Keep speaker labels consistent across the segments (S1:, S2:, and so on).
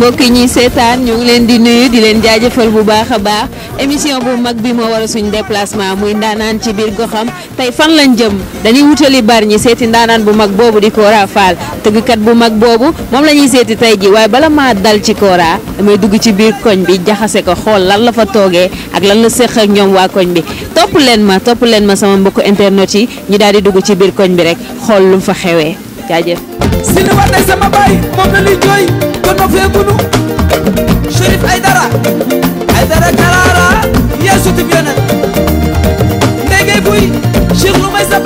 S1: mbokk yi ñuy seetaan ñu ngi leen di nuyu di leen jaajëfal bu baax a baax émission bu mag bi moo war a suñu déplacement muy ndaanaan ci biir goxam tey fan lañ jëm dañuy wutali bar ñi seeti ndaanaan bu mag boobu di Cora Fall tëggkat bu mag boobu moom la ñuy seeti tey ji waaye bala maa dal ci koraa damay dugg ci biir koñ bi jaxase ko xool lan la fa toogee ak lan la séq ak ñoom waa koñ bi topp leen ma topp leen ma sama mbokk internet yi ñu daal di dugg ci biir koñ bi rek xool lu fa xewee jaajëf.
S2: ko noppee gunu Chérif Aïdara Aïdara Karara yaa sutub yonent ndege buy Cheikh may sa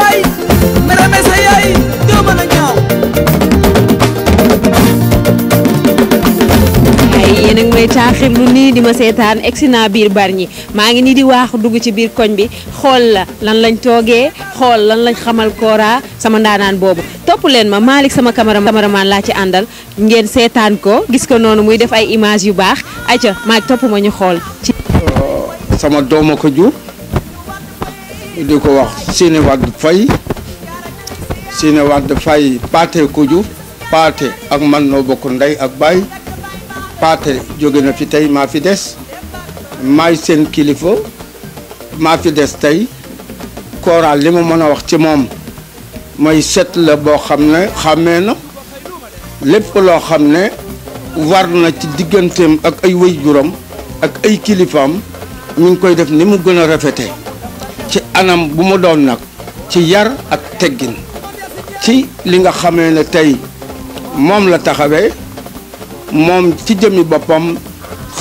S1: Keita xiblu ni di ma seetaan bir naa biir ngi ni di wax dug ci bir koñ bi xool lan lañ toge xol lan lañ xamal Kora sama ndanan Topulen top len ma malik sama cameraman la ci andal ngeen setan ko gis ko nonu muy def ay image yu baax ayca ma top ma ñu euh,
S3: sama domo ko jur di ko wax Sine wad fay Sine wad fay paté ko jur paté ak man no bokku nday ak paate jóge na fi tey maa fi des maay seen kilifa maa fi des tey Kora li ma mën a wax ci moom mooy set la boo xam ne xàmmee na lépp loo xam ne war na ci digganteem ak ay waajuram ak ay kilifaam ñu ngi koy def ni mu gën a rafete ci anam bu mu doon nag ci yar ak teggin ci li nga xamee ne tey moom la taxawee moom ci jëmi boppam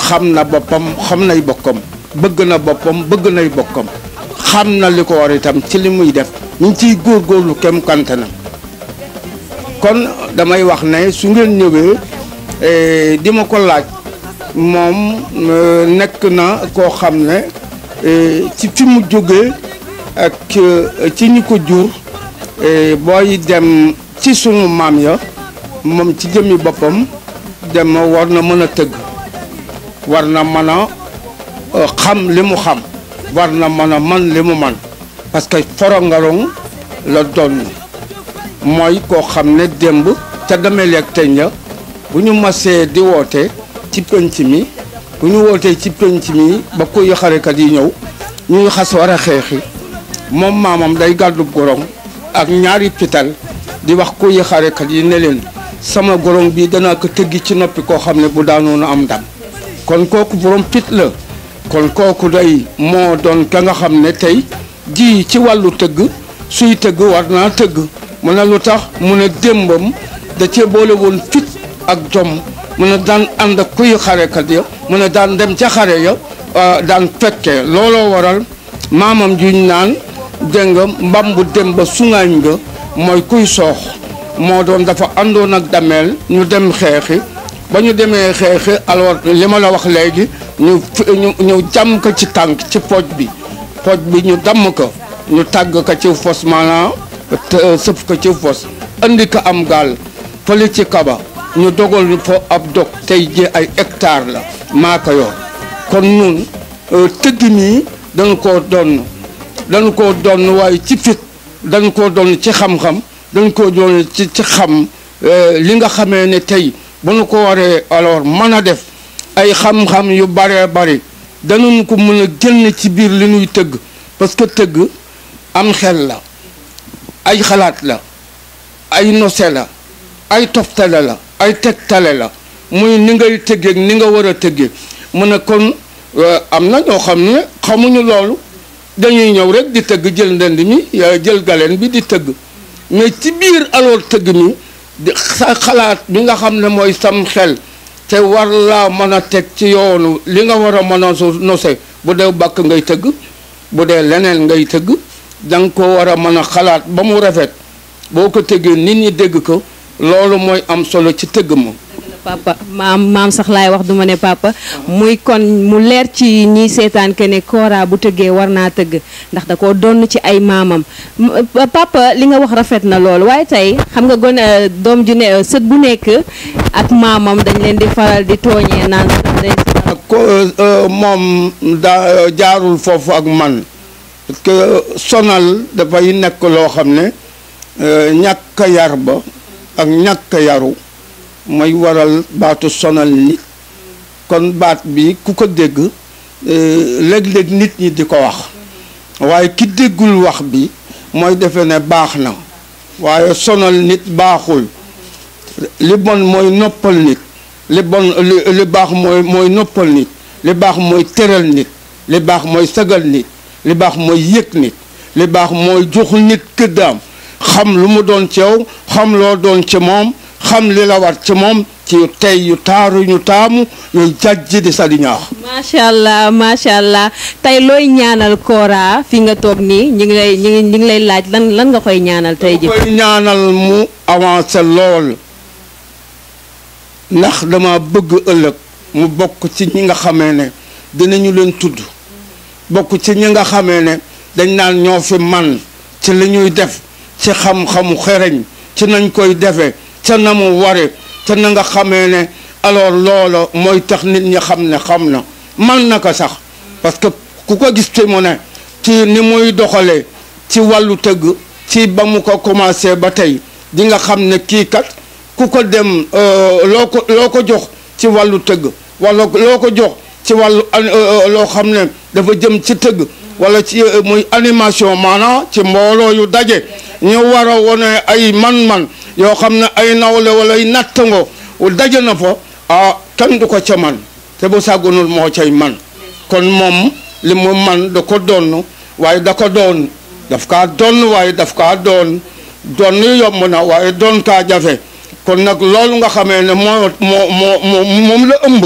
S3: xam na boppam xam nay bokkam bëgg na boppam bëgg nay bokkam xam na li ko war itam ci li muy def ñu ciy góor góorlu kem kantanam kon damay wax ne su ngeen ñëwee e, di ma ko laaj moom e, nekk na koo xam ne e, ci fi mu jógee ak ci ñi ko jur booy dem ci sunu maam ya moom ci jëmmi boppam dem war na mën a tëgg war na mën a euh, xam li mu xam war na mën a man li mu man parce que forongarong la doon mooy koo xam ne démb ca demel ak tey bu ñu masee di woote ci penc mi bu ñu wootee ci penc mi ba kuy xarekat yi ñëw ñuy xas war a xeexi moom maamam day gàddu gorong ak ñaari pital di wax kuy xarekat yi ne leen sama goron bi danaa ko tëgg ci noppi koo xam ne bu daanoon a am ndam kon kooku borom fit la kon kooku day moo doon ka nga xam ne tey ji ci wàllu tëgg suy tëgg war naa tëgg mu ne lu tax mu ne démbam da cee boole woon fit ak jom mu ne daan ànd ak kuy xarekat ya mu ne daan dem ca xare ya daan fekkee looloo waral maamam juñ naan dégg mbam bu dem ba sungaañ nga mooy kuy soox moo doon dafa àndoon ak dameel ñu dem xeexi ba ñu demee xeexi alors li ma la wax léegi ñu ñu jàmm ko ci tànk ci pooj bi pooj bi ñu damm ko ñu tàgg ko ci fos maanaam sëf ko ci fos am gaal fële ci kaba ñu dogal ñu fa ab dog tey ji ay hectare la maa ko kon ñun euh, tëgg nii dañu ko donn dañu ko donn waaye ci fit dañu ko donn ci xam-xam dañ ko doon ci ci xam euh, li nga xamee ne tey bu nu ko waree alors mën a def ay xam-xam yu baree bari danañ ko mën a génn ci biir li ñuy tëgg parce que tëgg am xel la ay xalaat la ay nose la ay toftale la ay tegtale la muy ni ngay tëggeeg ni nga war a tëggee mu ne kon euh, am na ñoo xam ne xamuñu loolu dañuy ñëw rek di tëgg jël ndënd mi euh, jël galeen bi di tëgg mais ci biir alors tëgg mi sa xalaat bi nga xam ne mooy sam xel te war laa mën a teg ci yoonu li nga war a mën a nose bu dee bàkk ngay tëgg bu dee leneen ngay tëgg da ko war a mën a xalaat ba mu rafet boo ko tëggee nit ñi dégg ko loolu mooy am solo ci tëgg ma
S1: papa maam maam sax laay wax duma ne papa. muy kon mu leer ci ñiy seetaan que ne Kora bu tëggee war naa tëgg ndax da koo donn ci ay maamam euh, papa li nga wax rafet na lool waaye tey xam nga gone euh, doom ju ne euh, sët bu nekk ak maamam dañ leen di faral di tooñee naan dañ
S3: ko moom daa jaarul foofu ak man parce que sonal dafay nekk loo xam ne ñàkk yar ba ak ñàkk yaru mooy waral baatu sonal nit kon baat bi ku ko dégg euh, léeg-léeg nit ñi di ko wax waaye ki déggul wax bi mooy defe ne baax na waaye sonal nit baaxul li bon mooy noppal nit li bon li baax mooy noppal nit li baax mooy tëral nit li baax mooy sagal nit li baax mooy yëg nit li baax mooy joxul nit këddaam xam lu mu doon ceew xam loo doon ci moom xam li la ci moom taaru ñu taamu ñu jàjj
S1: macha allah macha allah tey looy ñaanal Kora fi nga toog nii ñu ngi lay laaj lan lan nga koy ñaanal tey ji koy
S3: ñaanal mu avancé lool ndax dama bëgg ëllëg mu bokk ci ñi nga xamee ne dinañu leen tudd bokk ci ñi nga xamee ne dañ naan ñoo fi man ci li ñuy def ci xam-xamu xereñ ci nañ koy defee. ca na mu ware ca na nga xamee ne alors loola mooy tax nit ñi xam ne xam na man na ko sax parce que ku ko gis ci mu ne ci ni muy doxalee ci wàllu tëgg ci ba mu ko commencé ba tey di nga xam ne kii kat ku ko dem euh, loo ko loo ko jox ci wàllu tëgg wala loo ko jox ci wàllu euh, euh, loo xam ne dafa jëm ci tëgg wala ci euh, muy animation maanaam ci mbooloo yu daje ñu war a wone ay man-man yoo xam ne ay nawle wala ay u daje na fa ah kenn du ko ca man te bu sàggunul moo cay man kon moom li mu man da ko donn waaye da ko doon daf ka doon waaye daf ka doon doon yomb na waaye doon kaa jafe kon nag loolu nga xamee ne moo moo moo moom la ëmb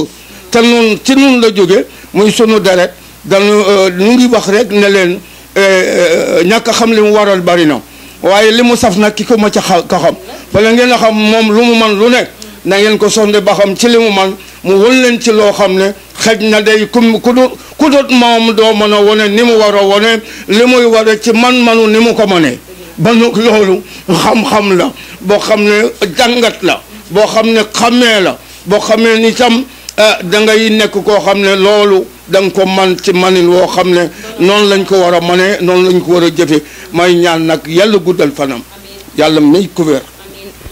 S3: te nun ci nun la jóge muy sunu deret dañu nu euh, ngi wax rek ne leen euh, euh, ñàkk xam li mu waral bari na waaye li mu saf na ki ko ma ca xa ka xam bala ngeen a xam moom lu mu man lu nekk na ngeen ko sonde ba xam ci li mu man mu won leen ci loo xam ne xëj na day ku ku dut ku moom doo mën a wone ni mu war a wone li muy ware ci man-manu ni mu ko mënee ba nag loolu xam-xam la boo xam ne jàngat la boo xam ne xàmmee la boo xamee ni tam da ngay nekk koo xam ne loolu da ko man ci manin woo xam ne noonu lañ ko war a manee noonu lañ ko war a jëfe may ñaan nag yàlla guddal fanam yàlla may ko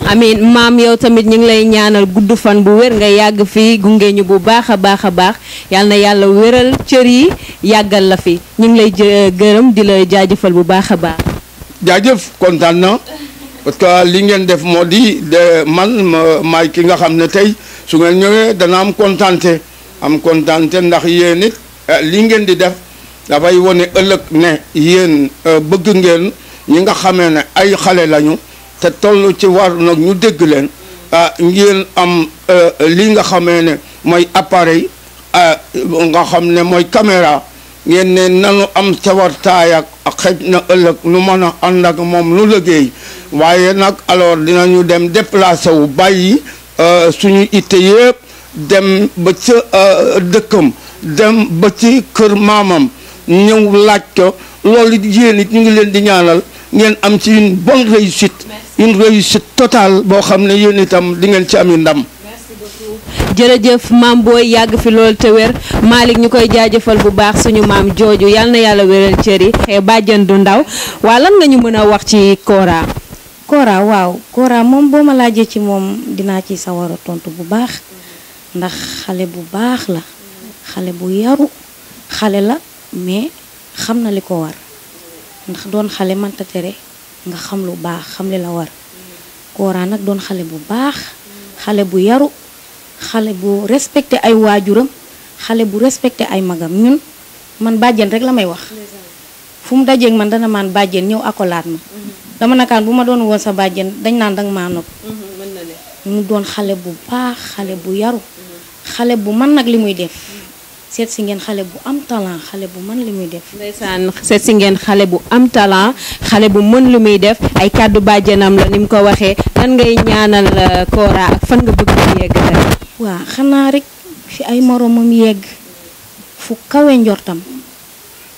S1: amin maam yow tamit ñu ngi lay ñaanal gudd fan bu wér nga yàgg fi gunge ñu bu baax a baax a baax yàlla na yàlla wéral cër yi yàggal la fi ñu ngi lay euh, gërëm di la jaajëfal bu baax a baax
S3: jaajëf kontaan na parce li ngeen def moo di de man maay ki nga xam ne tey su ngeen ñëwee dana am kontaante am kontaante ndax yéen it eh, li ngeen di def dafay wane ëllëg ne yéen eh, bëgg ngeen ñi nga xamee ne ay xale lañu te toll ci war nag ñu dégg leen ah, ngeen am eh, li nga xamee ne mooy appareil ah, nga xam ne mooy caméra ngeen ne nanu am cawartaay ak xëj na ëllëg nu mën a ànd ak moom nu liggéey waaye nag alors dinañu dem déplacé wu bàyyi suñu ite yëpp dem ba ca euh, dëkkam dem ba ci kër maamam ñëw laaj ko loolu yéen it ñu ngi leen di ñaanal ngeen am ci une bonne réussite une réussite totale boo xam ne yéen itam di ngeen ci am ndam.
S1: jërëjëf maam booy yàgg fi loolu te wér Malick ñu koy jaajëfal bu baax suñu maam jooju yàlla na yàlla wéral cër yi bàjjan du ndaw waa lan nga ñu mën a wax ci Kora.
S4: Kora waaw Kora moom boo ma laajee ci moom dinaa ci sawar tontu bu baax. ndax xale bu baax la xale bu yaru xale la mais xamna liko war ndax doon xale ta tere nga xam lu baax xam li la war Kora nak doon xale bu baax xale bu yaru xale bu respecté ay wajuram xale bu respecté ay magam ñun man bajjen rek lamay wax fu mu man dana man bajjen ñew akolaat ma dama nakaan bu ma doon woon sa bajjen dañ nan dang maa mu doon xale bu baax xale bu yaru xale bu man nag li muy def seet si ngeen xale bu am talent xale bu mën li muy def. ndeysaan
S1: seet si ngeen xale bu am xale bu mën li muy def ay kàddu bàjjenam la ni mu ko waxee lan ngay ñaanal Kora euh, ak fan nga bëgg mu yegg tey.
S4: xanaa rek fi ay moromam yegg fu kawe njortam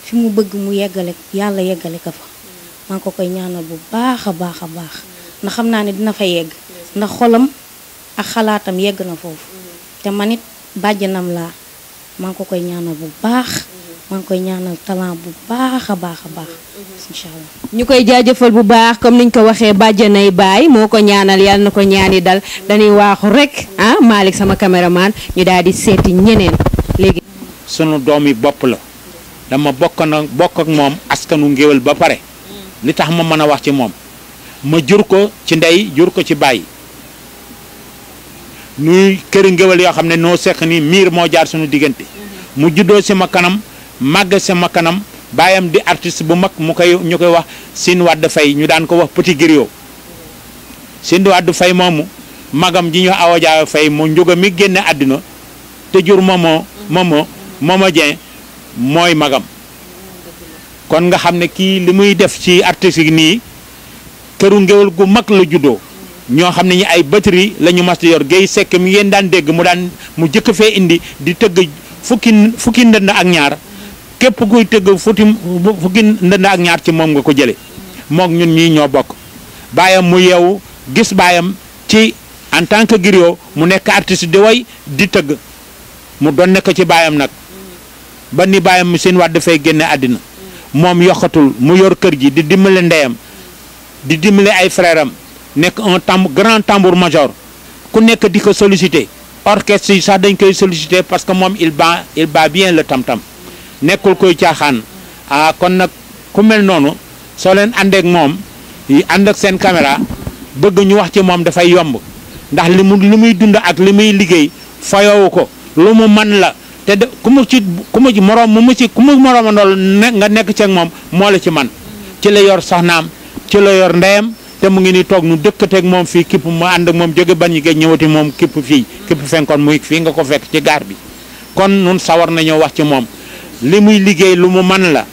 S4: fi mu bëgg mu yeggale yàlla yeggale ko fa maa ko koy ñaanal bu baax a baax a baax ndax xam naa ni dina fa yegg ndax xolam ak xalaatam yegg na foofu. te man it bàjjanam laa maa ngi ko koy ñaanal bu baax maa ngi koy ñaanal talent bu baax a baax a baax
S1: ñu koy jaajëfal bu baax comme ni niñ ko waxee bàjjanay baay moo ko ñaanal yàlla na ko ñaani dal dañuy waaxu rek ah Malick sama caméraman ñu daal di seeti ñeneen
S5: léegi sunu yi bopp la dama bokk na bokk ak moom askanu ngéwél ba pare li tax ma mën a wax ci moom ma jur ko ci ndey jur ko ci bàyyi nuy kër ngeewal yo xam ne no ni miir mo jaar suñu digënté mu juddoo si makanam, kanam màgg si bayam di artiste bu mag mu koy ñu wax sin wad fay ñu daan ko wax petit griot sin wad fay momu magam ji ñu awa jaaw fay mo ñuga mi génné àddina te jur momo momo momo jeen moy magam kon nga hamne ki limuy artis def ci artiste ni këru gu mag la juddoo ñoo xam ne ñi ay batterie la ñu mas di yor Guèye Seck mi ngeen daan dégg mu daan mu jëkk fee indi di tëgg fukki fukki ndënd ak ñaar képp kuy tëgg futi fukki ndënd ak ñaar ci moom nga ko jële mook ñun ñii ñoo bokk baayam mu yeewu gis baayam ci en tant que griot mu nekk artiste di way di tëgg mu donne ko ci baayam nag ba ni baayam seen waat dafay génne àddina moom yokkatul mu yor kër gi di dimbale ndeyam di dimbale ay frère nekk un tam grand tambour major ku nekk di ko sollicité orchestre yi sax dañ koy sollicité parce que moom il bat il bat bien le tam-tam nekkul koy caaxaan ah kon nag ku mel noonu soo leen àndeek moom yi ànd ak seen caméra bëgg ñu wax ci moom dafay yomb ndax li mu muy dund ak li muy liggéey fayowu ko lu mu man la te de ku mu ci ku mu ci morom mu mu ci ku mu ne nga nekk ceeg moom moo la ci man ci la yor soxnaam ci la yor ndeyam te mu ngi ni toog nu dëkkateek moom fii képp mu ànd ak moom jóge ban ñi géej ñëwati moom képp fii képp fenkoon muy fii nga ko fekk ci gaar bi kon nun sawar nañoo wax ci moom li muy liggéey lu mu man la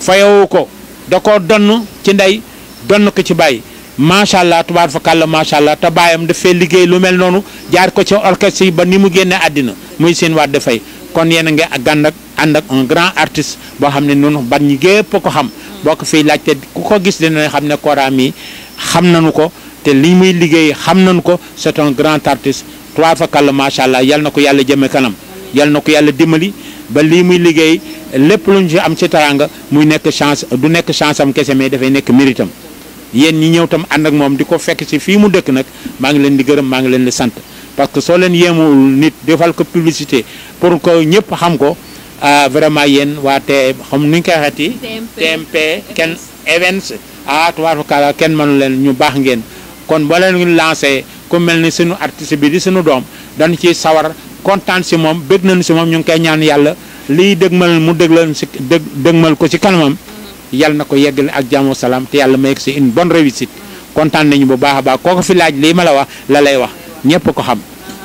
S5: fayowu ko da koo donn ci ndey donn ko ci bàyyi macha allah tubaar fa kàlla macha allah te baayam dafee liggéey lu mel noonu jaar ko ci orchestre ba ni mu génne àddina muy seen waat dafay kon yéen a ngi gànd ak ànd ak un grand artiste boo xam ne noonu ban ñi gépp ko xam boo ko fiy laajte ku ko gis xam ne Kora mi xam nañu ko te li muy liggéey xam nañu ko c'est un grand artiste trois fakal macha allah yal na ko yàlla jëme kanam yal na ko yàlla dimbali ba li muy liggéey lépp luñ ci am ci teraanga muy nekk chance du nekk chance am kese mais dafay nekk mérite am yéen ñi ñëw tam ànd ak moom di ko fekk ci fii mu dëkk nag maa ngi leen di gërëm maa ngi leen di sant parce que soo leen yéemul nit defal ko publicité pour ko ñëpp xam ko ah, vraiment yéen waa te xam nuñ koy xeeti ah tubaab kàlla kenn mënu leen ñu baax ngeen kon boo leen lancé ku mel ni suñu artiste bi di sunu doom dañu ciy sawar kontaan si moom bëgg nañu si moom ñu ngi koy ñaan yàlla liy dëgmal mu dëgmal si dëg dëgmal ko si kanamam yal na ko yegg yeggale ak jàmm salaam te yàlla ma ko si une bonne réussite kontaan nañu bu baax a baax koo ko fi laaj lii ma la wax la lay wax ñëpp ko xam.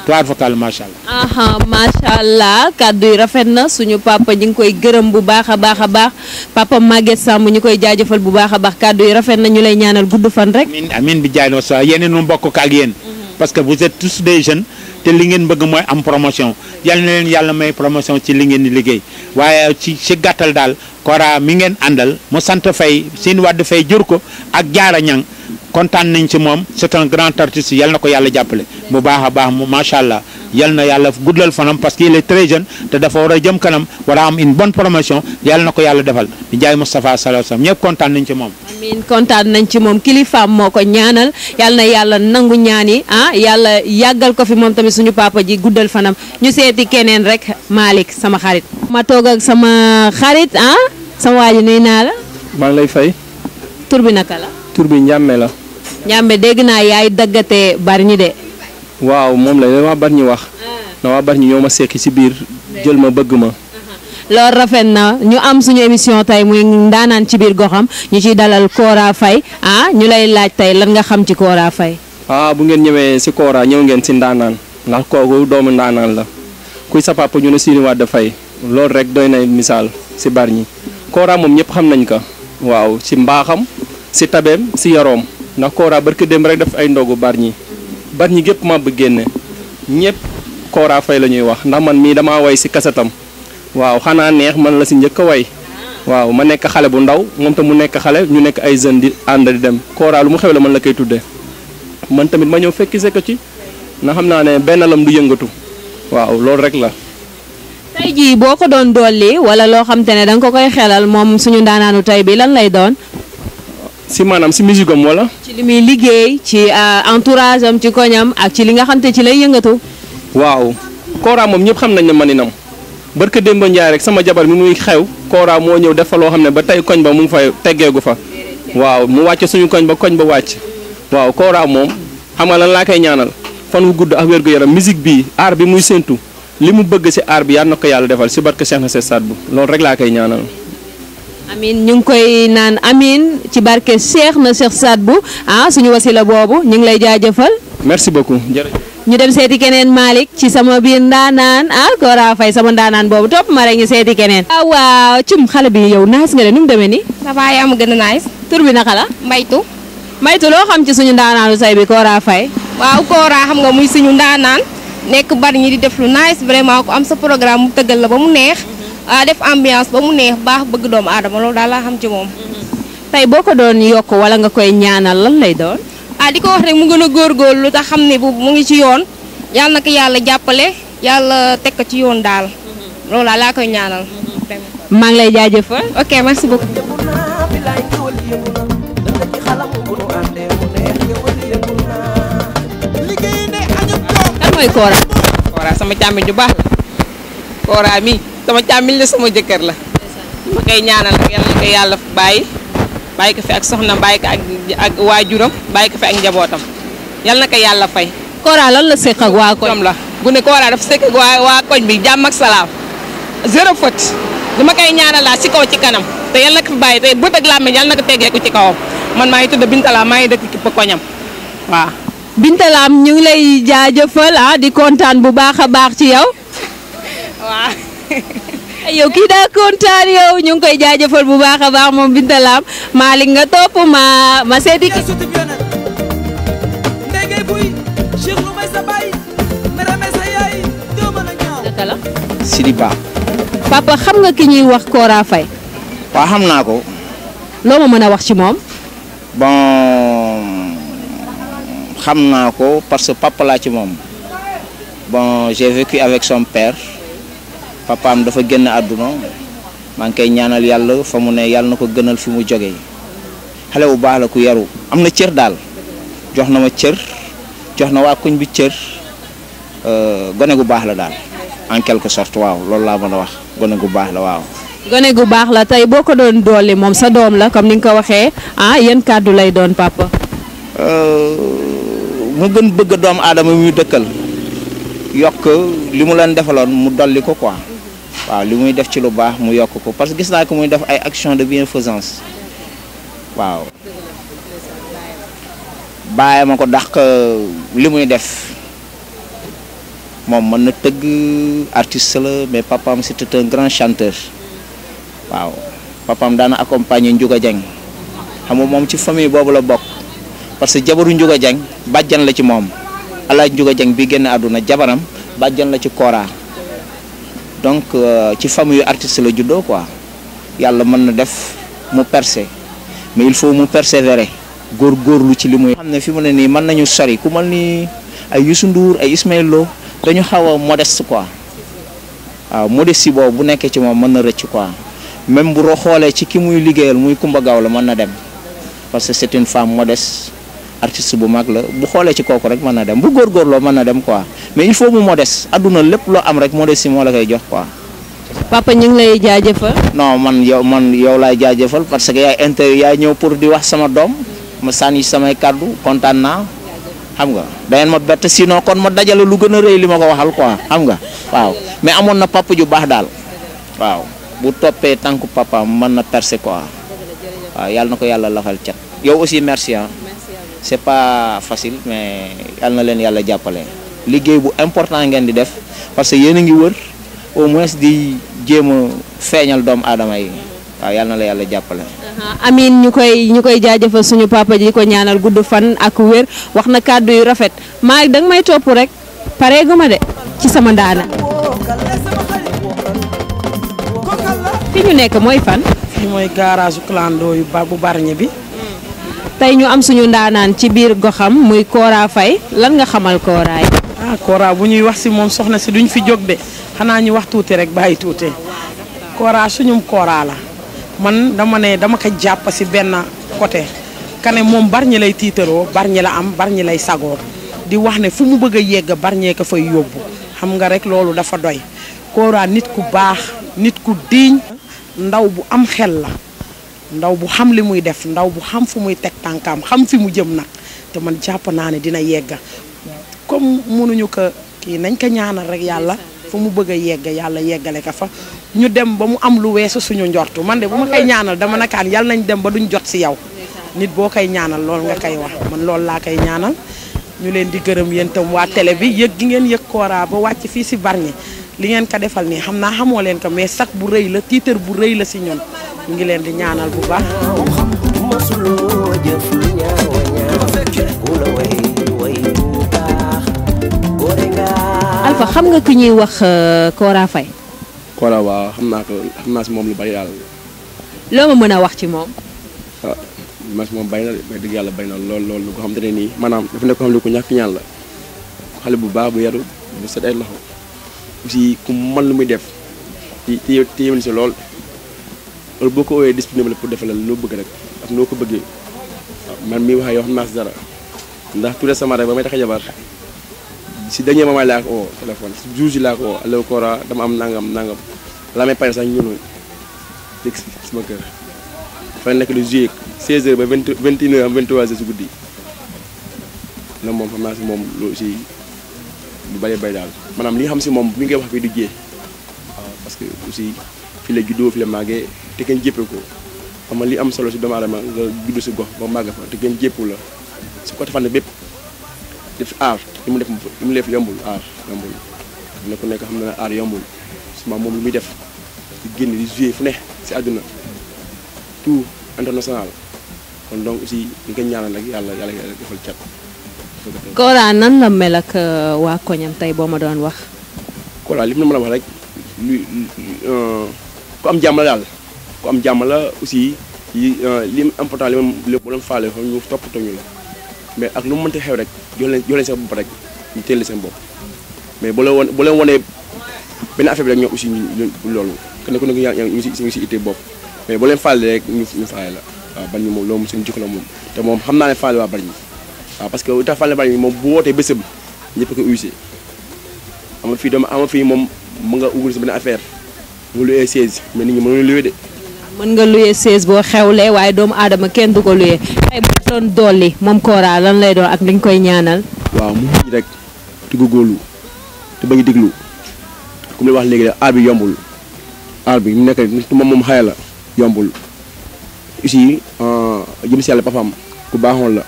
S5: toir vocal macha allah.
S1: aha macha allah kàddu rafet na suñu papa ñu ngi koy gërëm bu baax a baax a baax papa Maguette sàmm ñu koy jaajëfal bu baax a baax kàddu yi rafet na ñu lay ñaanal gudd fan rek. amiin
S5: amiin bi jaay na sa yeneen nu mbokk ak yéen. Mhm. parce que vous êtes tous des jeunes te li ngeen bëgg mooy am promotion yal na leen yàlla may promotion ci li ngeen di liggéey waaye ci ci gàttal daal koraa mi ngeen àndal mu sant fay seen wàdd fay jur ko ak jaara ñang kontaan nañ ci moom c'est un grand artiste yal na ko yàlla jàppale bu baax a baax mu macha allah yal na yàlla guddal fanam parce qu'il est très jeune te dafa war a jëm kanam war a am une bonne promotion yal na ko yàlla defal di jaay Moustapha Salou Sam ñëpp kontaan nañ ci moom.
S1: kontaan nañ ci moom kilifaam moo ko ñaanal yal na yàlla nangu ñaan yi ah yàlla yàggal ko fi moom tamit suñu papa ji guddal fanam ñu seeti keneen rek Malick sama xarit. ma toog ak sama xarit ah sama waa ji n naa maa ngi lay fay. tur bi naka la.
S6: tur bi Ndiame la.
S1: ñaambe dégg naa yaay daggate bari ñi de.
S6: waaw moom la dama bari ñu wax. na ah. waa bari ñu ñoo ma sekki ci biir jël ma bëgg ma. Uh-huh.
S1: loolu rafet na ñu am suñu émission tey muy ndaanaan ci biir goxam ñu ciy dalal Cora Faye ah ñu lay laaj tey lan nga xam ci Cora Faye.
S6: ah bu ngeen ñëwee ci Cora ñëw ngeen ci ndaanaan ndax kooku doomu ndaanaan la kuy sa papa ñu ne Sini Wade Faye loolu rek doy na misaal ci bari ñi Cora moom ñëpp xam nañ ko waaw ci mbaaxam ci tabeem ci yaroom. Nakora koora barki dem rek def ay ndogu bar ñi gep ma bu génne ñëpp kora fay la ñuy wax ndax man mi dama way ci kasatam waaw xana neex man la ci njëkk way waaw ma nekk xalé bu ndaw moom tamu nekk ñu nekk ay jeune di ànd di dem kora lu mu xew la man la kay tuddé man tamit ma ñew fekk sék ci na xamna né ne lam du yëngatu waaw lool rek la
S1: tay ji boko don dolé wala lo xam tane dang ko koy xélal mom suñu ndaanaanu tay bi lan lay don
S6: si manam si musique am wala. ci
S1: limi liggey ci euh, entourage am ci koñam ak ci li nga xam ci lay yëngatu.
S6: waw Kora mom ñepp xam nañ ne maninam barke démb Ndiaye rek sama jabar mi muy xew Kora mo ñew def fa loo xam ba tay koñ ba mu ngi fay teggeegu fa waw mu wacc suñu koñ ba koñ ba wacc waw Kora mom xam lan la kay ñaanal fan wu gudd ak yaram musique bi art bi muy sentu limu bëgg ci art bi ya yalla defal si barke Cheikh na Sessad bu rek la kay ñaanal
S1: amin ñu ngi koy naan amin ci barke cheikh na cheikh sadbu ah suñu wasila bobu ñu ngi lay jaajeufal
S6: merci beaucoup jërëjëf
S1: ñu dem séti keneen malik ci sama bi ndaanaan ah kora fay sama ndaanaan bobu top ma rek ñu séti keneen ah waaw cum xale bi yow nice nga le nu demé ni ça ba yam gëna nice tur bi naka la maytu mbaytu loo xam ci suñu ndaanaanu
S4: say bi kora fay waaw kora xam nga muy suñu ndaanaan nek bar ñi di def lu nice vraiment ko am sa programme mu la ba mu neex def ambiance ba mu neex baax bëgg doom aadama lool da la xam ci mom
S1: tay boko ko doon yok wala nga koy ñaanal lan lay doon
S4: ah diko wax rek mu gor gor lu tax xamni bu mu ngi ci yoon yalla na yalla jappalé yalla tek ci yoon dal lool la laa koy ñaanal ma
S1: ngi lay jaajëfal
S4: ok merci beaucoup
S7: Kora kan Kora sama càmmiñ ju baax Kora mi sama càmmiñ la sama jëkkër la ma koy ñaanal ak yàlla ko yàlla bàyyi bàyyi ko fi ak soxna bàyyi ko ak ak waajuram bàyyi ko fi ak njabootam yàlla na ko yàlla fay Kora lan la seq ak waa koñ la bu ne Kora dafa seq ak waa bi jàmm ak salaam zéro faute li ma koy ñaanalaa si kaw ci kanam te yàlla na ko fi bàyyi te bët ak làmmiñ yàlla na ko teggeeku ci kawam man maa ngi tudd Bintala maa ngi dëkk a koñam waaw
S1: Bintalaam ñu ngi lay jaajëfal ah di kontaan bu baax a baax ci yow waaw yow kii daa kontaan yow ñu ngi koy jaajëfal bu baax a baax moom Binta Lam Malick nga topp ma ma seeti Sidi papa xam nga ki ñuy wax Kora Faye. waa xam
S8: naa ko. loo ma mën a wax ci moom. bon xam naa ko parce que papa laa ci moom bon j'ai avec son père. papaam dafa génn àdduna maa ngi koy ñaanal yàlla fa mu ne yàlla na ko gënal fi mu jógee xale bu baax la ku yaru am na cër daal jox na ma cër jox na waa kuñ bi cër euh, gone gu baax la daal en quelque sorte waaw loolu laa mën a wax gone gu baax la waaw.
S1: gone gu baax la tey boo ko doon dolli moom sa doom la comme ni nga ko waxee ah yan kàddu lay doon papa.
S8: Euh, mu gën bëgg doomu aadama muy dëkkal yokk li mu leen defaloon mu dolli ko quoi. waaw li muy def ci lu baax mu yokk ko parce que gis naa ko muy def ay action de bienfaisance waaw bàyyi ma ko dàq li muy def moom mën na tëgg artiste la mais papaam c'était un grand chanteur waaw papam daana accompagner Ndiouga Dieng xam moom ci famille boobu la bokk parce que jabaru Ndiouga Dieng bàjjan la ci moom alaaj Ndiouga Dieng bi génn àdduna jabaram bàjjan la ci Kora donc euh, ci famille artiste la juddoo quoi yàlla mën na def mu percer mais il faut mu góor góorgóorlu ci li muy. xam ne fi mu ne nii mën nañu sori ku mel ni ay Youssou Ndour ay Ismaël Lo dañu xaw a modeste quoi waaw modestie boobu bu nekkee ci moom mën na rëcc quoi même bu xoolee ci ki muy liggéeyal muy Kumba la mën na dem parce que c'est une femme modeste. artiste bu mag la bu xolé ci koku rek dem bu gor lo na dem quoi mais il faut mu modeste aduna lepp lo am rek modeste mo la kay jox quoi. papa ñing lay jaajeufal non man yow man yow lay jaajeufal parce que yaay interview yaay ñew pour di wax sama dom ma sani sama cadeau kontaan naa xam nga dangeen ma bet sino kon ma dajal lu gëna reey limako waxal quoi xam nga waaw mais amon na papa ju bax dal waaw bu topé tanku papa na percer quoi waaw yalla nako yalla la xal cat yow aussi merci hein c'est pas facile mais yal na leen yàlla jàppale liggéey bu important ngeen di def parce que yéen a ngi wër au moins di jéem a dom doomu aadama yi waaw yal na la yalla jàppale uh-huh.
S1: amin ñukoy ñukoy ñu suñu papa ji ko ñaanal gudd fan ak wër waxna na yu rafet ma da nga may top rek guma de ci sama daana
S7: fi ñu nek moy fan fi moy garage do yu bu barñe bi
S1: tey ñu am suñu ndaanaan ci biir goxam muy Cora
S7: Faye lan nga xamal Cora yi. Ah, bu ñuy wax si moom soxna si duñ fi jóg de xanaa ñu wax tuuti rek bàyyi tuuti Cora suñum Cora la man dama ne dama ko jàpp si benn côté kane moom barñi lay tiitaroo barñi la am barñi lay sagoo di wax ne fu mu bëgg a yegg barñee ko fay yóbbu xam nga rek loolu dafa doy Cora nit ku baax nit ku diiñ ndaw bu am xel la. ndaw bu xam li muy def ndaw bu xam fu muy teg tànkam xam fi mu jëm nag te man jàpp naa ne dina yegg comme mënuñu ko kii nañ ko ñaanal rek yàlla fu mu bëgg a yegg yàlla yeggale ko fa ñu dem ba mu am lu weesu suñu njortu man de bu ma koy ñaanal dama nakaan yàlla nañ dem ba duñ jot si yow nit boo koy ñaanal loolu nga koy wax man loolu laa koy ñaanal ñu leen di gërëm yéen tam waa tele bi yëg gi ngeen yëg Kora ba wàcc fii si Bargny li ngeen ko defal nii xam naa xamoo leen ko mais sac bu rëy la tiitër bu rëy la si ñun mu ngi leen di ñaanal bu baax.
S1: Alpha xam nga ku ñuy wax Kora euh, Faye.
S9: Kora waaw xam naa ko xam naa si moom lu bari yàlla. loo ma mën a wax ci moom. ah ma si moom bay bay na lool lool lu ko xam te nii maanaam dafa nekk ko xam ne ku ñàkk ñaan la xale bu baax bu yaru bu set ay loxo. si ku mal lu muy def ci ci ci yemal si lool loolu boo ko ooyee disponible pour defal loo bëgg rek ak noo ko man mi wax yoo xam naa si dara ndax tout récemment rek ba may jabar si dernier moment la ko oo téléphone si jour ji laa ko allo Kora dama am nangam nangam laa may pare sax sama kër fa nekk lu juillet 16h ba 21h 23h si na si lu lu daal manam li xam ci mom mi ngi wax fi du jee parce que aussi fi la juddoo fi la magé té gën jéppee ko xam li am solo ci doomu aadama nga juddu ci gox ba magga fa té gën jéppu la ci côté fànn bép def art imu def imu def yombul art yombul ne ko nek xam na art yombul ci moom mom mi def di génné di jouer fu né ci aduna tout international kon donc aussi ñu gën ñaanal nak yalla yalla defal cat Kora
S1: nan la mel ak euh, waa koñam tey boo ma doon wax.
S9: la daal ku la aussi li euh, important li moom lépp mu doon faale fa ñu toppatoo ñu la mais ak lu mu mënti rek jox leen jox leen seen ñu teel seen bopp mais bu la won bu leen wanee benn affaire bi rek ñu bu leen faale la waaw ban ñu moom loolu suñu jikko la moom te moom xam naa ne faale waa bari ñi Ah, parce que outa falé bari moom boté wootee ñëpp ko uyusi ama fi dama ama fi mom mu nga ouvrir si affaire mu luyee 16 mais nit ñi mënu luyee dé
S1: mën nga luyee 16 bo xewlé waye doom aadama kenn du ko luyee tey bu ton doli mom ko ra lan lay do ak liñ koy ñaanal.
S9: waaw mu ñi rek te góorgóorlu te bañu diglu kum lay wax légui la arbi yombul arbi ñu nekk nit mom mom xayla yombul ici euh jëm si yàlla papaam ku baaxoon la.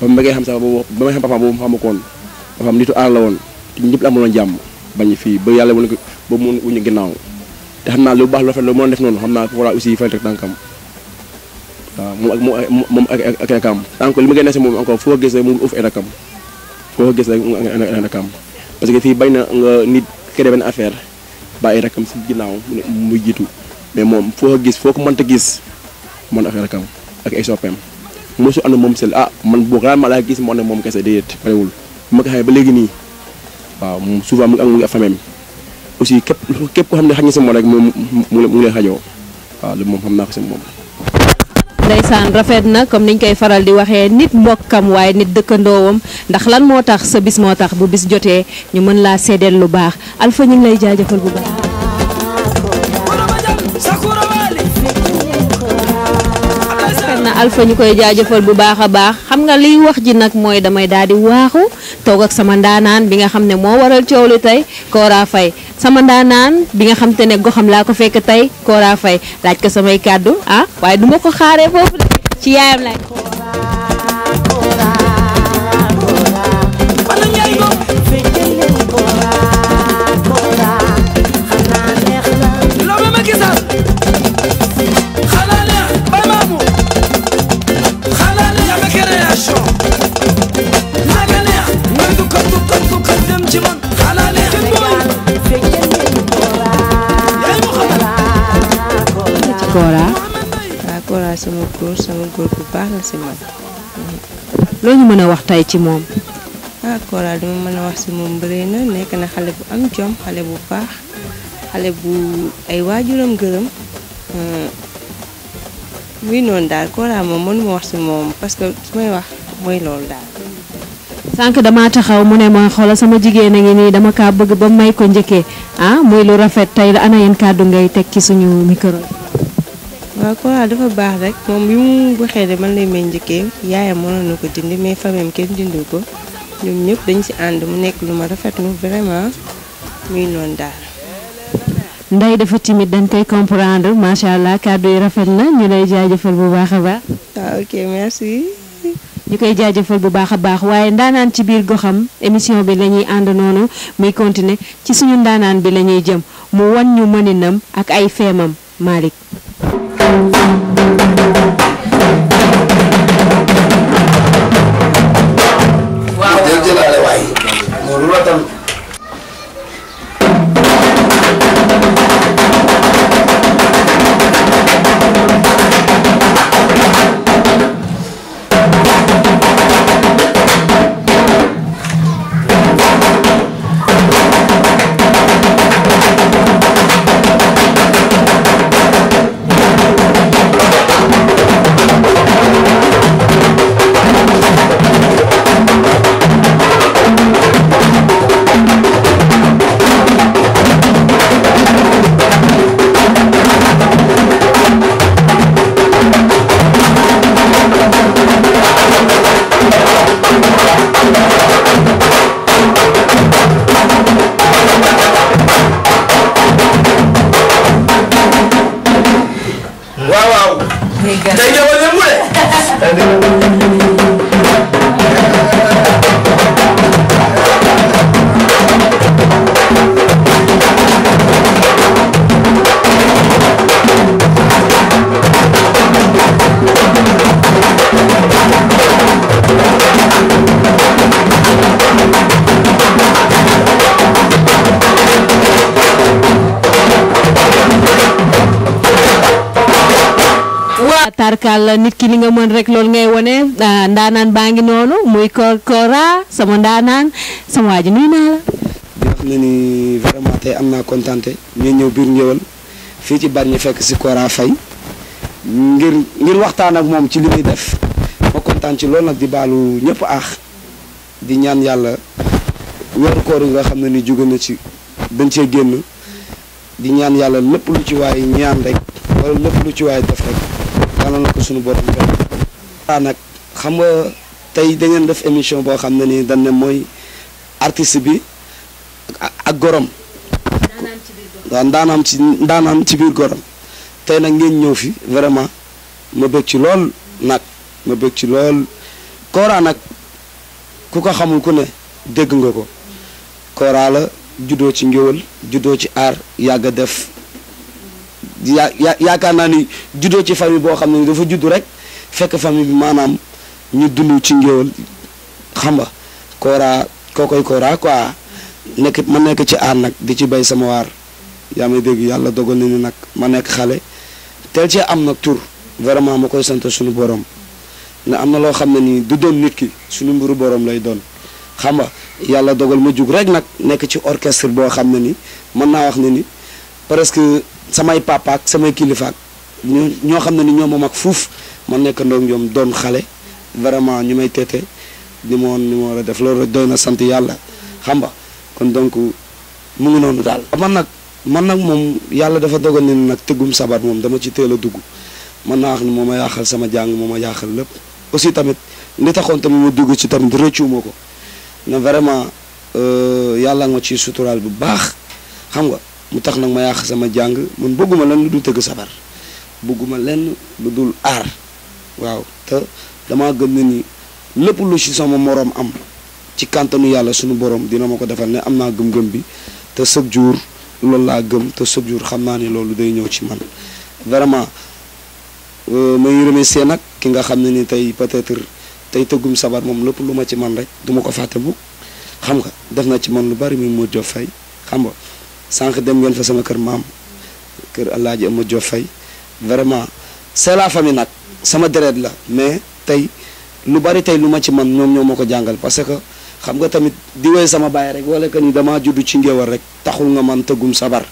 S9: ba ma bëggee xam sax boobu ba may xam papa boobu xamu ko woon dafa am nitu aar la woon te ñëpp la amuloon jàmm bañ fii ba yàlla wala ba mu wuñu ginnaaw te xam naa lu baax la rafet lu mën def noonu xam naa aussi fay rek tànkam waaw moom ak moom ak ak rakam encore li ma gën a si moom encore mu uuf ay rakam foo gis parce que fii bañ na nga nit créé benn bàyyi ay rakam si ginnaaw mu jiitu mais moom foo gis foo ko mënta gis mën affaire rakam ak ay soppeem mosu ànd moom sel ah man boog rarement laa gis moo ànd moom kese déedéet barewul bu ma ko xamee ba léegi nii waaw souvent mu ngi am mu ngi affameem aussi képp képp koo xam ne xaj na si moom rek mu mu ngi lay xajoo waaw moom xam naa moom.
S1: ndeysaan rafet na comme niñ koy faral di waxee nit mbokkam waaye nit dëkkandoowam ndax lan moo tax sa bis moo tax bu bis jotee ñu mën laa seedeel lu baax Alpha ñu ngi lay jaajëfal bu baax. Alpha ñu koy jaajëfal bu baax a baax xam nga liy wax ji nag mooy damay daal di waaxu toog ak sama ndaanaan bi nga xam ne moo waral coow li tey Kora Faye sama ndaanaan bi nga xam te ne goxam laa ko fekk tey Kora Faye laaj ko samay kàddu ah, waaye du ko xaaree foofu de ci yaayam laaj Kora waaw ah, Kora sama góor sama góor bu baax la si man loo ñu mën a wax tey ci moom ah Kora dama mën a wax si moom bëri na nekk na xale bu am jom xale bu baax xale bu ay ah, waajuram gërëm muy noonu daal Kora moom mënuma wax si moom parce que su may wax mooy loolu daal sank dama taxaw mune ne ma xoolal sama jigeen ngi dama ka bëgg ba may ko ñëkke ah muy lu rafet la ana yéen kàddu ngay tek ci suñu micro
S7: waaw Kora dafa
S1: baax rek mom bi mu waxee de man lay may ñëkke yaayam mo na ko dindi mais famem kenn dindu ko ñun ñëpp dañ ci and mu nekk lu ma rafetlu vraiment muy non daal nday dafa timit dañ koy comprendre allah yi rafet na ñu lay jaajeufal bu baaxa ba ah ok merci. ñu koy jaajëfal bu baax a baax waaye ndaanaan ci biir goxam émission bi la ñuy ànd noonu muy continuer ci suñu ndaanaan bi lañuy jëm mu wan ñu mëninam ak ay feemam Malick barkal nit ki li nga mën rek lol ngay woné ndanan baangi nonu noonu muy Kora sama ndaanaan sama waa ji nuyu la.
S2: di wax ni vraiment tay amna contenté kontante ñu ñew bir ñewal fi ci ñi fekk si Kora fay ngir ngir waxtaan ak mom ci li muy def ma kontaan ci loolu nak di balu ñepp ax di ñaan yalla wër koor yi nga xamné ni jóge na ci dañ ci génn di ñaan yalla lepp lu ci way ñaan rek wala lu ci way def rek ñaanal na ko suñu borom gën nag xam nga tey da ngeen def émission boo xam ne nii dañ mooy artiste bi ak gorom waaw ndaanaam ci ndaanaam ci biir gorom tey nag ngeen ñëw fi vraiment ma bëgg ci lool nag ma bëgg ci lool Kora nag ku ko xamul ku ne dégg nga ko Kora la juddoo ci ngéwël juddoo ci aar yàgg a def yaa yaa yaakaar naa ni juddoo ci famille boo xam ne dafa juddu rek fekk famille bi maanaam ñu dundu ci ngéwël xam nga kooraa kookoy kooraa quoi nekk ma nekk ci aar nag di ci bay sama waar yaa may dégg yàlla dogal na nag ma nekk xale teel ci am nag tur vraiment ma koy sant suñu borom ne am na loo xam ne nii du doon nit ki suñu mburu borom lay doon xam nga yàlla dogal ma jug rek nag nekk ci orchestre boo xam ne ni mën naa wax ne ni presque samay papa ak samay kilifaak ñoo xam ne ni ñoo moom ak fuuf ma nekk ndoog ñoom doon xale vraiment ñu may teete ni ma woon ni ma war def loolu rek doy na sant yàlla xam nga kon donc mu ngi noonu daal. man nag man nag moom yàlla dafa dogal ne nag tëggum sabar moom dama ci teel a dugg mën naa wax ni moom ma yaaxal sama jàng moo ma yaaxal lépp aussi tamit li taxoon tamit ma dugg ci tamit rëccuwuma ko ne vraiment euh, yàlla nga ma ciy suturaal bu baax xam nga. mu tax nag ma yàq sama jàng man bëgguma lenn lu dul tëgg sabar bëgguma lenn lu dul aar waaw te dama gëm ne ni lépp lu ci sama moroom am ci kàntanu yàlla sunu borom dina ma ko defal ne am naa gëm-gëm bi te chaque jour loolu laa gëm te chaque jour xam naa ne loolu day ñëw ci man vraiment euh, may remercier nag ki nga xam ne ni tey peut-être tey tëggum sabar moom lépp lu ma ci man rek duma ko fàtte bu xam nga def na ci man lu bari muy Modou Diop Faye xam nga sànq dem ngeen fa sama kër maam kër Alaaji Ama jox fay vraiment c'est la famille nag sama deret la mais tey lu bari tey lu ma ci man ñoom ñoo ma ko jàngal parce que xam nga tamit di woy sama baay rek wala que ni damaa judd ci ngéwal rek taxul nga man tëggum sabar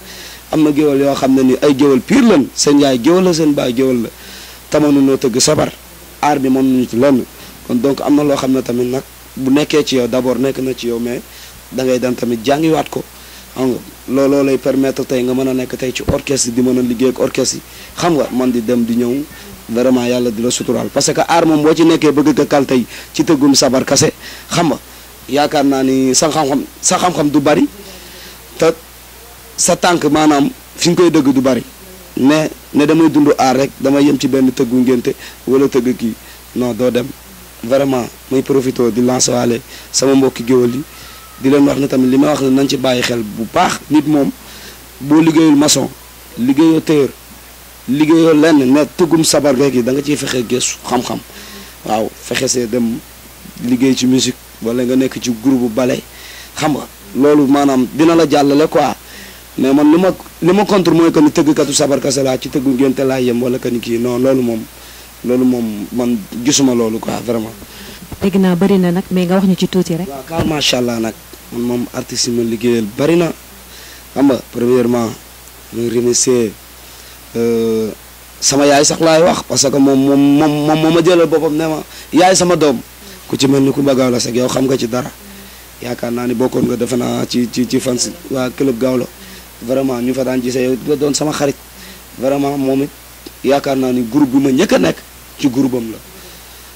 S2: am na géwal yoo xam ne ni ay géwal pire lan seen yaay géwal seen baay géwal la tamanu noo tëgg sabar aar bi mënuñu ci lenn kon donc am na loo xam ne tamit nag bu nekkee ci yow d'abord nekk na ci yow mais da ngay dem tamit jàngiwaat ko xam looloo lay permettre tey nga mën a nekk tey ci orchestre di mën a liggéey ak orchestre yi xam nga man di dem di ñëw vraiment yàlla di la suturaal parce que aar moom boo ci nekkee bëgg ka kal tey ci tëggum sabar kase xam nga yaakaar naa ni sa xam-xam sa du bari te sa tànk maanaam fi nga koy dëgg du bari mais ne damay dund aar rek damay yem ci benn tëggu ngénte wala tëgg kii non doo dem vraiment muy profité di lancer waale sama mbokki géwël yi di leen wax ne tamit li ma wax ne nañ ci bàyyi xel bu baax nit moom boo liggéeyul maçon liggéeyoo téyër liggéeyoo lenn ne tëggum sabar geeg yi da nga ciy fexe gëstu xam-xam waaw fexe see dem liggéey ci musique wala nga nekk ci groupe bale xam nga loolu maanaam dina la jàllale quoi mais man li ma li ma contre mooy que ni tëggkatu sabar kese laa ci tëggu ngénte laa yem wala que ni kii noon loolu moom loolu moom man gisuma loolu quoi vraiment.
S1: dégg naa bëri na nag mais nga wax ñu ci tuuti rek.
S2: waaw car nag. man moom artistes ma liggéeyal bari na xam nga premièrement muy remercier euh, sama yaay sax laay wax parce que moom moom moom moom moo ma jëlal boppam ne ma yaay sama doom ku ci mel ni ku mbagaaw la sax yow xam nga ci dara yaakaar naa ni bokkoon nga defe naa ci ci ci fans waa club Gawlo vraiment ñu fa daan gisee nga doon sama xarit vraiment moom it yaakaar naa ni group bi ma njëkk a nekk ci groupe la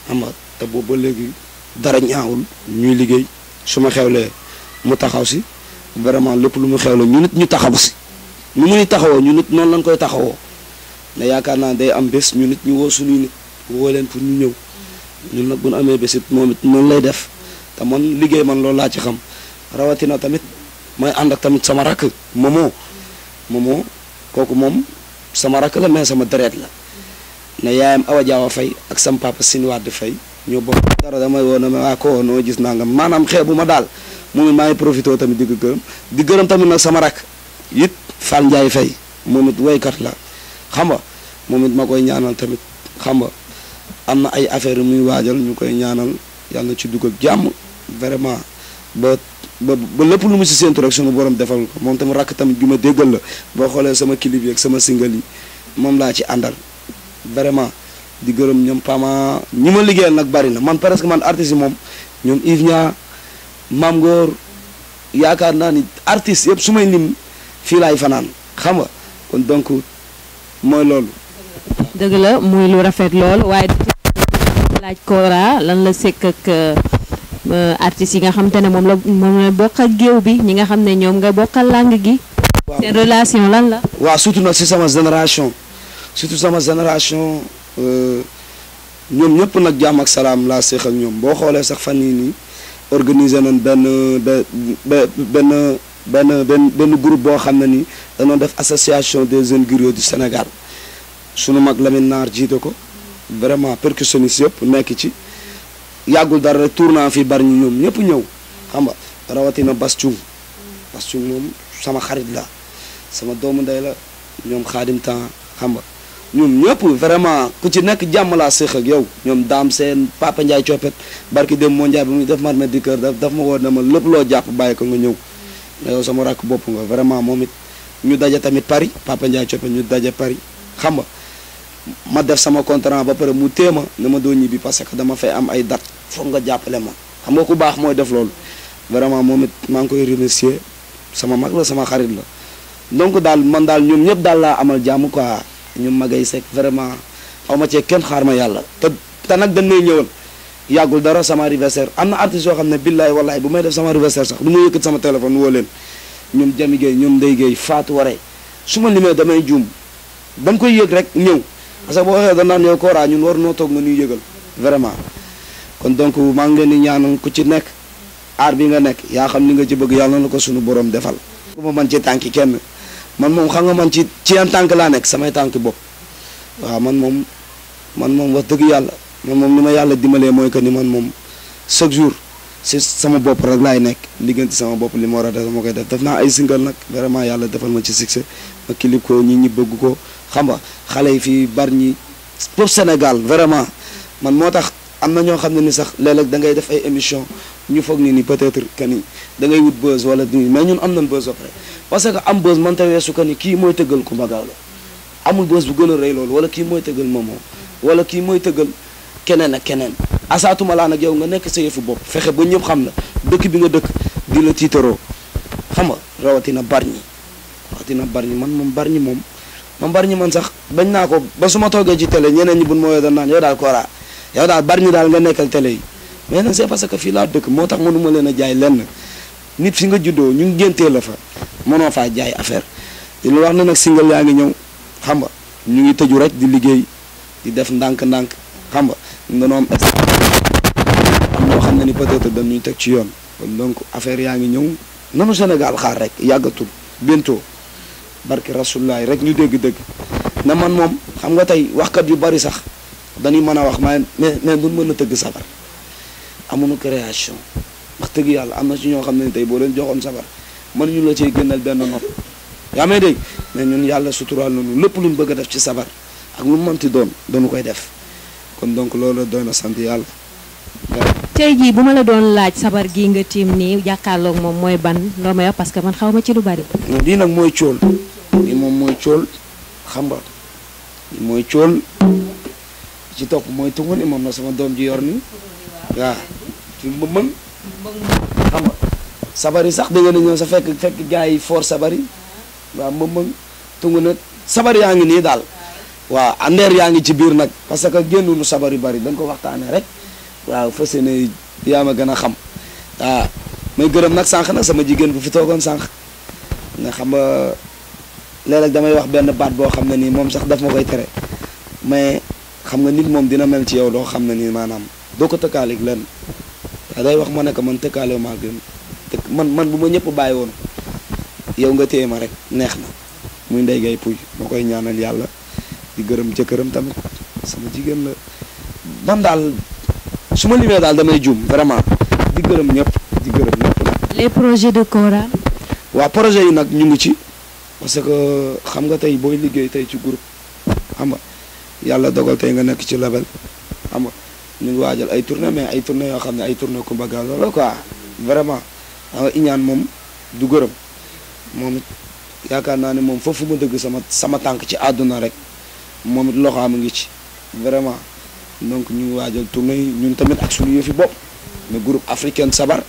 S2: xam nga te boobu ba léegi dara ñaawul ñuy liggéey su ma xewlee mu taxaw si vraiment lépp lu mu xew la ñu nit ñu taxaw si nu muy taxawoo ñu nit noonu lañ koy taxawoo mais yaakaar naa day am bés ñu nit ñu woo suñuy nit woo leen pour ñu ñëw ñun nag bu amee bés it moom it noonu lay def te man liggéey man loolu laa ci xam rawatina tamit mooy ànd ak tamit sama rakk Momo Momo kooku moom sama rakk la mais sama deret la ne yaayam Awa Diawa Faye ak sam papa Siniwaat di Faye ñoo bokk dara damay woo na ma waa ko noo gis naa nga maanaam xeebu ma daal moom may profito tamit di geureum di geureum tamit nag sama rak yit fal ndjay fay momit way kat la xam nga momit makoy ñaanal tamit xam nga amna ay affaire muy waajal ñukoy ñaanal yalla ci dugg ak vraiment ba ba ba lépp lu mu ci sentu rek suñu borom defal ko mom tamit rak tamit ju ma la bo xoolee sama clip yek sama single yi mom la ci andal vraiment di geureum ñom Pama ñima ma nak bari na man presque man artiste mom ñom ñoom Yves maam Ngor yaakaar naa ni artistes yëpp su may lim fii laay fanaan xam nga kon donc mooy loolu.
S1: dëgg la muy lu rafet lool waaye laaj Kora lan la sekk ak euh, artistes yi nga xam ne moom la moom la bi ñi nga xam ne ñoom nga bokkal langue gi. seen relation lan la.
S2: waaw surtout nag si sama génération surtout sama génération euh, ñoom ñëpp nag jàmm ak salaam laa seq ak ñoom boo xoolee sax fan yii nii. organiser nañ ben ben ben ben benn groupe bo xam ne ni dañoo def association des jeunes guerriers du Sénégal sunu mag Lamine nar jité ko vraiment percussionniste yop nek ci yagul dara rek tournant fi bar ñu ñom ñep ñew xam nga rawati na Thioung Bass Thioung sama xarit la sama doomu nday la ñom khadim tan xam nga ñoom ñëpp vraiment ku ci nekk jàmm laa séq ak yow ñoom daam seen papa Ndiaye coppet barki dem moo Ndiaye bi muy def marmé di kër daf daf ma woo ne ma lépp loo jàpp bàyyi ko nga ñëw sama rakk bopp nga vraiment moom it ñu daje tamit Paris papa Ndiaye coppet ñu daje Paris xam nga ma def sama contrant ba pare mu téema ne ma doo ñibbi parce que dama fay am ay date foog nga jàppale ma xam nga ku baax mooy def loolu vraiment moom it maa ngi koy remercier sama mag la sama xarit la donc daal man daal ñoom ñëpp daal laa amal jàmm quoi ñoom magay sek vraiment aw ma cee kenn xaar ma yàlla te te nag dan may ñëwoon yàggul dara sama anniversaire am na artistes yoo xam ne billaay wallaay bu may def sama anniversaire sax du ma yëkkat sama téléphone woo leen ñoom Jami Gueye ñoom Ndeye Gueye Fatou Waré su ma limee damay juum dañ koy yëg rek ñëw parce que boo naan danaa ñëw Kora ñun war noo toog nga ñuy yëgal vraiment kon donc maa ngi leen di ñaanal ku ci nekk aar bi nga nekk yaa xam ni nga ci bëgg yàlla na ko suñu borom defal ku ma mën ci tànki kenn man moom xam nga man ci ci yan tànk laa nekk samay tànk bopp waaw man moom man moom wax dëgg yàlla man moom ni ma yàlla dimbalee mooy que ni man moom chaque jour si sama bopp rek laay nekk liggéenti sama bopp li ma war a def ma koy def def naa ay single nag vraiment yàlla defal ma ci succès ma clip ko ñi ñi bëgg ko xam nga xale yi fii bari ñi pour Sénégal vraiment man moo tax. am na ñoo xam ne ni sax léeg-léeg da ngay def ay émission ñu foog ni ni peut-être que ni da ngay wut buzz wala nii mais ñun am nañ buzz après parce que am buzz mënta weesu que ni kii mooy tëggal Coumba Gawlo amul buzz bu gën a rëy loolu wala kii mooy tëggal Momo wala kii mooy tëggal keneen ak keneen asaatuma laa nag yow nga nekk sa yëfu bopp fexe ba ñëpp xam na dëkk bi nga dëkk di la tiitaroo xam nga rawatina Bargny rawatina Bargny man moom Bargny moom man man sax bañ naa ko ba su ma toogee ci télé ñeneen ñi buñ mooyoo da naan yow daal Kora yow daal bari ñu daal nga nekkal télé yi mais nag c'est parce que fii laa dëkk moo tax mënuma leen a jaay lenn nit fi nga juddoo ñu ngi géntee la fa mënoo faa jaay affaire lu wax na nag single yaa ngi ñëw xam ñu ngi tëju rek di liggéey di def ndànk-ndànk xam nga dañoo am xam ne ni peut-être dañuy teg ci yoon kon donc affaire yaa ngi ñëw nanu Sénégal xaar rek yàggatu bientôt barke rasulaay rek ñu dégg-dégg na man moom xam nga tey waxkat yu bari sax dañuy mën a wax mais mais duñ mën a tëgg sabar amunu création wax dëgg yàlla am na si ñoo xam ne tey boo leen joxoon sabar mën ñu la cey génnal benn nopp yaa may dégg mais ñun yàlla suturaal nañu lépp ñu bëgg a def ci sabar ak lu mënti doon dañu koy def kon donc loolu doy na sant yàlla
S1: tey jii bu ma la doon laaj sabar gii nga tiim nii jàkkaarloog moom mooy ban loo may wax parce que man xaw ma ci lu bari
S2: lii nag mooy cool lii moom mooy cool xam nga mooy cool ci top moy tungul imam na sama dom ji yor ni waaw ya, ci mbëmbëng xam sabari sax da ngeen ñew sa fekk fekk gaay yi for sabari wa ya, mbëmbëng tungu nag sabari yaangi ni wah wa ander yaangi ci bir nak parce que gennu lu sabari bari dañ ko waxtane rek eh. wa fas yéene yaa ma xam wa may gëreem nak sank nak sama jigen bu fi togon sank nga xam nga eh, léeg damay wax ben baat bo xam ni mom sax daf ma tere mais xam nga nit moom dina mel ci yow loo xam na ni maanaam doo ko tëkkaaleeg lenn day wax ma ne ko man tëkkaale maa gën tëkk man man bu ma ñëpp bàyyi woon yow nga téye ma rek neex na muy Ndeye Gueye Pouye ma koy ñaanal yàlla di gërëm jëkkëram tamit sama jigéen la man daal su ma limee daal damay juum vraiment di gërëm ñëpp di gërëm ñëpp
S1: nag. les projets de Kora.
S2: waaw projet yi nag ñu ngi ci parce que xam nga tey booy liggéey tey ci groupe xam yalla dogal tay nga nek ci level am ñu ngi wajal ay tournée mais ay tournée yo xamné ay tournée Coumba bagal la quoi vraiment xam nga mom du gëreum mom it yaakaar naa ne moom foofu ma dëgg sama sama tànk ci àdduna rek moom it loxaam ngi ci vraiment donc ñu ngi waajal tournée ñun tamit ak suñu yëfi bopp ne groupe africain sabar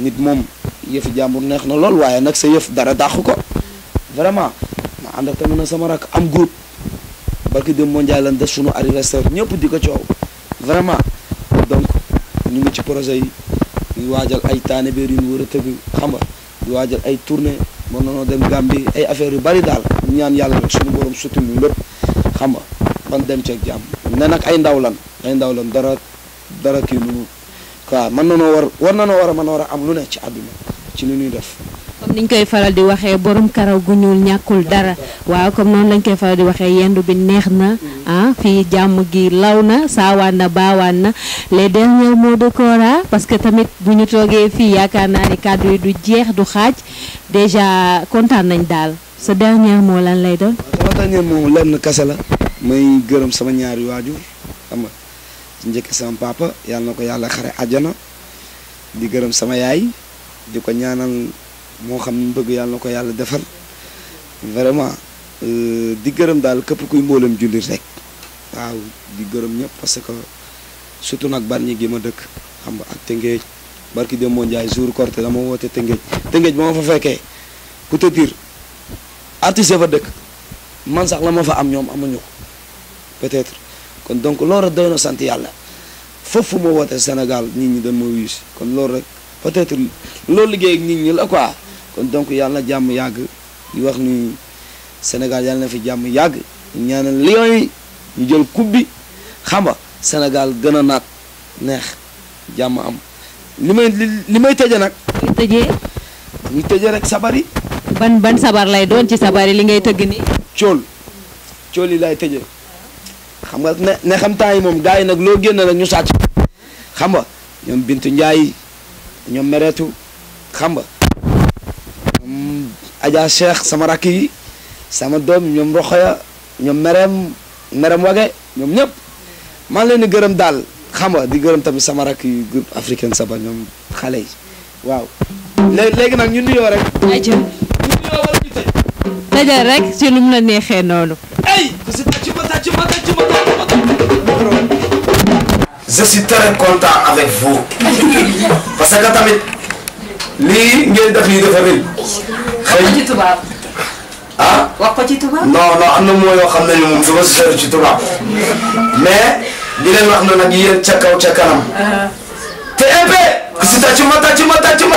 S2: nit moom yëfi jàmbur neex na lool waaye nag sa yëf dara dàqu ko vraiment ma ànd ak tamit na sama rak am groupe barki dem mondial lan def sunu anniversaire ñëpp di ko coow vraiment donc ñu ngi ci projet yi di waajal ay taanibeer yu ñu war a tëgg xam nga di waajal ay tournée mën nañoo dem Gambie ay affaires yu bari daal ñaan yàlla rek suñu borom sutu ñu lépp xam nga ban dem ceeg jàmm ne nag ay ndaw lan ay ndaw lan dara dara kii lu ñu quoi mën nanoo war war nanoo war a mën a war a am lu ne ci àdduna ci lu ñuy def
S1: comme niñ koy faral di waxe borom karaw gu ñuul ñakul dara waaw comme non lañ koy faral di waxe yendu bi neexna na ah fii jàmm gi lawna sawana bawana les derniers mots de cora parce que tamit bu ñu toge fi yaakaar ni kàddu yi du jeex du xaj déjà content nañ dal ce
S2: dernier mot lan lay don sama dernier mot lenn kase la may gëreum sama ñaari waajur xam nga njëkk sama papa yalla nako yalla xare aljana di gëreum sama yaay diko ñaanal moo xam ni mu bëgg yàlla na ko yàlla defar vraiment euh, di gërëm daal képp kuy mbooleem jullit rek waaw di gërëm ñëpp parce que surtout nag barñi gi ma dëkk xam nga ak Tëngéej barki Demba Ndiaye jour Korité dama woote Tëngéej Tëngéej ba ma fa fekkee ku te dire fa dëkk man sax la ma fa am ñoom amuñu ko peut-être kon donc lool rek doy na sant yàlla foofu ma woote Sénégal nit ñi dañ ma kon loolu rek peut-être loolu liggéey ak nit ñi la quoi. kon donc yàlla na jàmm yàgg di wax ni Sénégal yàlla na fi jàmm yàgg ñaana lion yi ñu jël coupe bi xam nga Sénégal gën a naat neex jàmm am li may li may tëje nag. li tëjee. tëje tëjee rek sabar yi.
S1: ban ban sabar lay doon ci
S2: sabar yi li ngay tëgg nii. cool cool yi lay tëjee xam nga ne ne xam temps yi moom gars yi nag loo génn nag ñu sàcc xam nga ñoom bint njaay ñoom mereetu xam nga. Adja Cheikh sama rakk yi sama doom ñoom Roxoya ñoom Merem Merem Wage ñoom ñëpp maa leen di gërëm daal xam nga di gërëm tamit sama rakk yu groupe africain saba ñoom xale yi waaw. léegi léegi nag ñu nuyoo rek. ayca ñu nuyoo wala
S1: ñu tëj. tëjal rek ci lu mu la neexee noonu. ay ku si tàcc ma tàcc ma tàcc ma tàcc
S2: ma tàcc. je suis très content avec vous parce que tamit lii ngeen def nii dafa rëy.
S7: wax ko ci tubaab.
S2: Ah?
S1: wax ko ci tubaab. non non
S2: am na moo yoo xam ne ni moom dama seetlu ci tubaab mais di leen wax na nag yéen ca kaw ca kanam. te épée. ku si tàcc ma tàcc ma ma.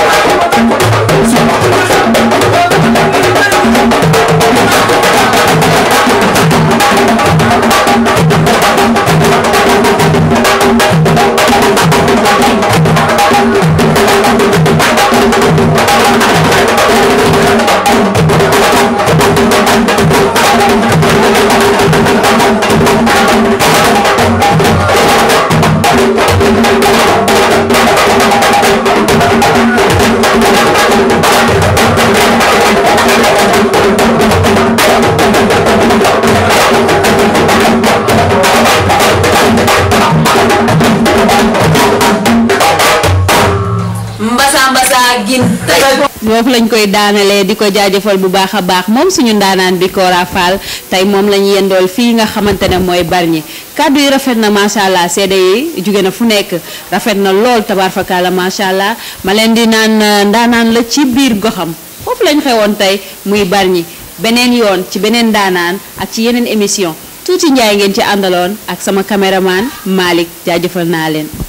S1: foofu lañ koy daanalee di ko jaajëfal bu baax a baax moom suñu ndaanaan bi Kora Fall tey moom la ñu yendool fii nga xamante ne mooy Bargny kàddu yi rafet na macha allah seede yi jóge na fu nekk rafet na lool tabarfakala macha allah ma leen di naan euh, ndaanaan la ci biir goxam foofu lañ xewoon tey muy Bargny beneen yoon ci beneen ndaanaan ak ci yeneen émission tuuti njaay ngeen ci àndaloon ak sama caméraman Malick jaajëfal naa leen